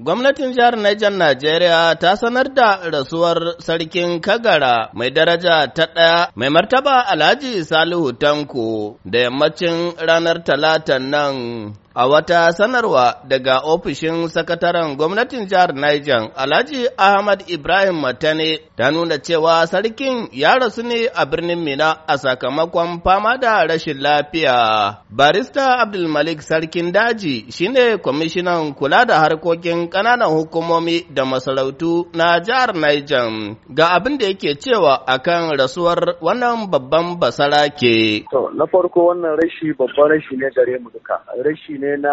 Gwamnatin jihar Niger Najeriya ta sanar da rasuwar sarkin Kagara mai daraja ta ɗaya mai martaba Alhaji Salihu Tanko da yammacin ranar talatan nan A wata sanarwa daga ofishin sakataren gwamnatin jihar Niger, Alhaji Ahmad Ibrahim Matane ta nuna cewa sarkin ya rasu ne a birnin Mina a sakamakon fama da rashin lafiya. Barista Abdulmalik Sarkin Daji shine kwamishinan kula da harkokin ƙananan hukumomi da masarautu na jihar Niger. Ga abin da yake cewa akan rasuwar wannan babban basara ke. na farko wannan rashi babban rashi ne gare mu duka. ne na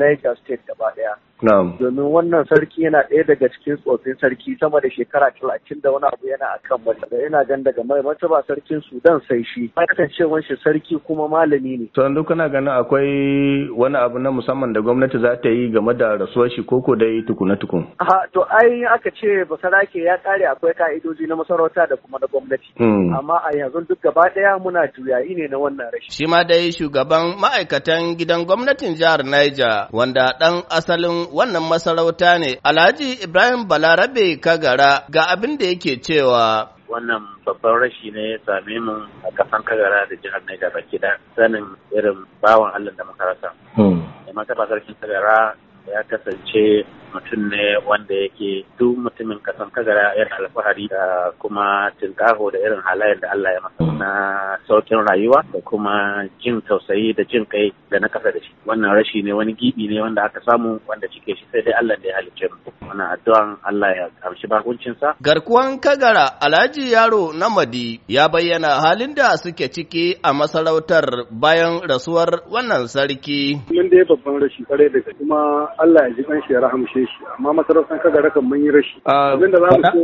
Niger State gaba daya Domin wannan sarki yana ɗaya daga cikin tsofin sarki sama da shekara talatin da wani abu yana akan wata. Da ina gan daga mai ba sarkin Sudan sai shi. Kasancewar shi sarki kuma malami ne. To yanzu kana ganin akwai wani abu na musamman da gwamnati za ta yi game da rasuwar shi ko dai tukuna tukun. A to ai aka ce basarake ya kare akwai ka'idoji na masarauta da kuma na gwamnati. Hmm. Amma a yanzu duk gaba ɗaya muna juyayi ne na wannan rashin. Shi ma dai shugaban ma'aikatan gidan gwamnatin jihar Niger wanda ɗan asalin wannan masarauta ne Alhaji Ibrahim Balarabe Kagara ga abin da yake cewa wannan babban rashi ne ya same mu a kasan kagara da jihar Niger baki da sanin irin bawan Allah da muka rasa. Da hmm. mata sarkin kagara ya kasance mutum ne wanda yake duk mutumin kasan kagara yana alfahari da kuma tinkaho da irin halayen da Allah ya masa na saukin rayuwa da kuma jin tausayi da jin kai da na kasa da shi wannan rashi ne wani gibi ne wanda aka samu wanda cike shi sai dai Allah da ya halicce mu muna addu'an Allah ya amshi sa. garkuwan kagara Alhaji Yaro Namadi ya bayyana halin da suke ciki a masarautar bayan rasuwar wannan sarki mun dai babban rashi kare da kuma Allah ya ji kan shi ya rahamshe gaje shi amma masarautar kan mun yi rashi ah,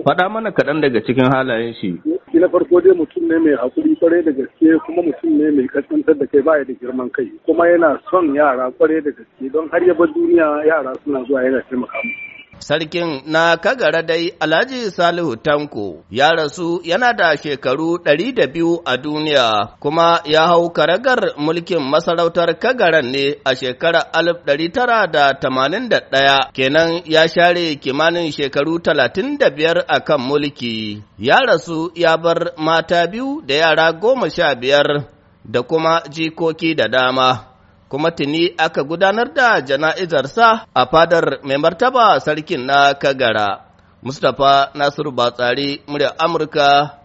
faɗa mana kaɗan daga cikin halayen shi shi na farko dai mutum ne mai hakuri kwarai da gaske kuma mutum ne mai kaskantar da kai baya da girman kai kuma yana son yara kwarai da gaske don har yaba bar duniya yara suna zuwa yana taimaka musu Sarkin na kagara dai Alhaji Salihu Tanko ya rasu yana da shekaru ɗari da biyu a duniya kuma ya hau karagar mulkin masarautar kagaran ne a shekarar alif ɗari tara da tamanin da ɗaya kenan ya share kimanin shekaru talatin da biyar a kan mulki. Ya rasu ya bar mata biyu da yara goma sha biyar da kuma jikoki da dama. kuma tuni aka gudanar da jana'izarsa a fadar mai martaba sarkin na Kagara. Mustapha Nasiru Batsari, murya Amurka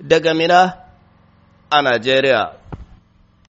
daga Mina a Najeriya.